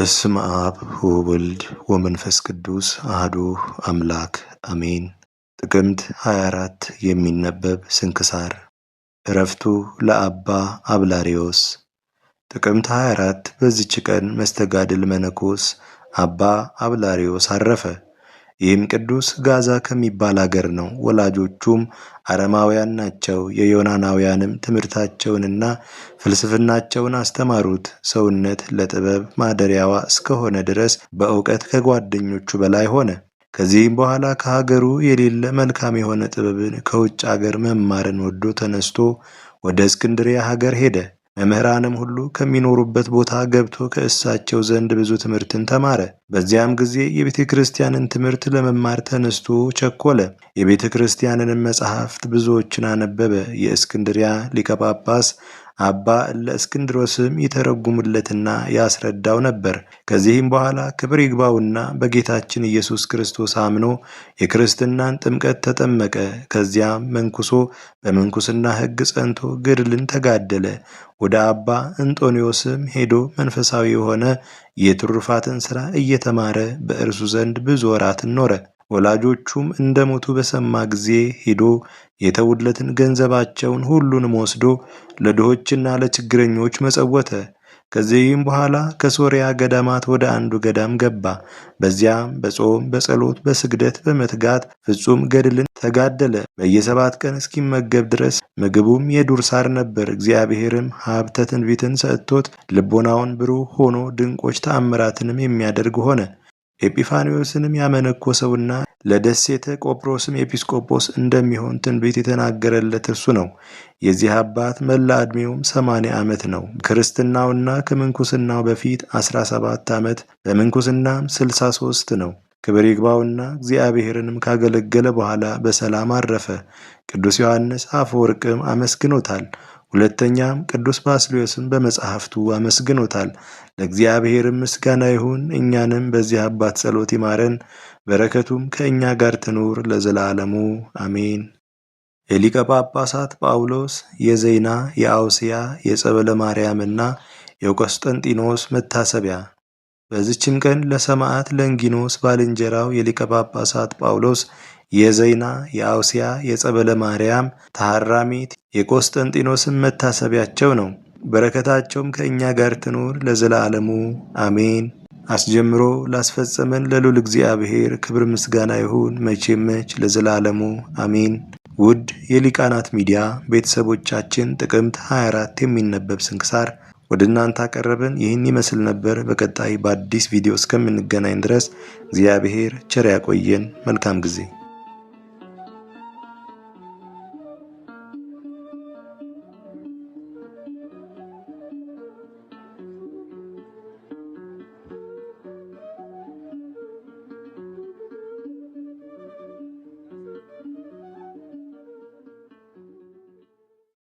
በስም አብ ወወልድ ወመንፈስ ቅዱስ አህዱ አምላክ አሜን። ጥቅምት 24 የሚነበብ ስንክሳር። እረፍቱ ለአባ አብላሪዮስ። ጥቅምት 24 በዚች ቀን መስተጋድል መነኮስ አባ አብላሪዮስ አረፈ። ይህም ቅዱስ ጋዛ ከሚባል አገር ነው። ወላጆቹም አረማውያን ናቸው። የዮናናውያንም ትምህርታቸውንና ፍልስፍናቸውን አስተማሩት። ሰውነት ለጥበብ ማደሪያዋ እስከሆነ ድረስ በእውቀት ከጓደኞቹ በላይ ሆነ። ከዚህም በኋላ ከሀገሩ የሌለ መልካም የሆነ ጥበብን ከውጭ አገር መማርን ወዶ ተነስቶ ወደ እስክንድሪያ ሀገር ሄደ። መምህራንም ሁሉ ከሚኖሩበት ቦታ ገብቶ ከእሳቸው ዘንድ ብዙ ትምህርትን ተማረ። በዚያም ጊዜ የቤተ ክርስቲያንን ትምህርት ለመማር ተነስቶ ቸኮለ። የቤተ ክርስቲያንንም መጽሐፍት ብዙዎችን አነበበ። የእስክንድሪያ ሊቀ ጳጳስ አባ እለእስክንድሮስም ይተረጉምለትና ያስረዳው ነበር። ከዚህም በኋላ ክብር ይግባውና በጌታችን ኢየሱስ ክርስቶስ አምኖ የክርስትናን ጥምቀት ተጠመቀ። ከዚያም መንኩሶ በምንኩስና ሕግ ጸንቶ ገድልን ተጋደለ። ወደ አባ እንጦንዮስም ሄዶ መንፈሳዊ የሆነ የትሩፋትን ሥራ እየተማረ በእርሱ ዘንድ ብዙ ወራትን ኖረ። ወላጆቹም እንደሞቱ በሰማ ጊዜ ሄዶ የተውለትን ገንዘባቸውን ሁሉንም ወስዶ ለድሆችና ለችግረኞች መጸወተ። ከዚህም በኋላ ከሶርያ ገዳማት ወደ አንዱ ገዳም ገባ። በዚያም በጾም በጸሎት በስግደት በመትጋት ፍጹም ገድልን ተጋደለ። በየሰባት ቀን እስኪመገብ ድረስ ምግቡም የዱር ሳር ነበር። እግዚአብሔርም ሀብተ ትንቢትን ሰጥቶት ልቦናውን ብሩህ ሆኖ ድንቆች ተአምራትንም የሚያደርግ ሆነ። ያመነኮ ያመነኮሰውና ለደሴተ ቆጵሮስም ኤጲስቆጶስ እንደሚሆን ትንቢት የተናገረለት እርሱ ነው። የዚህ አባት መላ ዕድሜውም ሰማንያ ዓመት ነው። ክርስትናውና ከምንኩስናው በፊት 17 ዓመት በምንኩስናም 63 ነው። ክብር ይግባውና እግዚአብሔርንም ካገለገለ በኋላ በሰላም አረፈ። ቅዱስ ዮሐንስ አፈወርቅም አመስግኖታል። ሁለተኛም ቅዱስ ባስልዮስን በመጽሐፍቱ አመስግኖታል። ለእግዚአብሔርም ምስጋና ይሁን፣ እኛንም በዚህ አባት ጸሎት ይማረን፣ በረከቱም ከእኛ ጋር ትኑር ለዘላለሙ አሜን። የሊቀ ጳጳሳት ጳውሎስ፣ የዘይና፣ የአውስያ፣ የጸበለ ማርያምና የቆስጠንጢኖስ መታሰቢያ። በዚችም ቀን ለሰማዕት ለንጊኖስ ባልንጀራው የሊቀ ጳጳሳት ጳውሎስ የዘይና የአውሲያ የጸበለ ማርያም ታራሚት የቆስጠንጢኖስን መታሰቢያቸው ነው። በረከታቸውም ከእኛ ጋር ትኑር ለዘላለሙ አሜን። አስጀምሮ ላስፈጸመን ለልዑል እግዚአብሔር ክብር ምስጋና ይሁን መቼ መች ለዘላለሙ አሜን። ውድ የሊቃናት ሚዲያ ቤተሰቦቻችን ጥቅምት 24 የሚነበብ ስንክሳር ወደ እናንተ አቀረብን። ይህን ይመስል ነበር። በቀጣይ በአዲስ ቪዲዮ እስከምንገናኝ ድረስ እግዚአብሔር ቸር ያቆየን። መልካም ጊዜ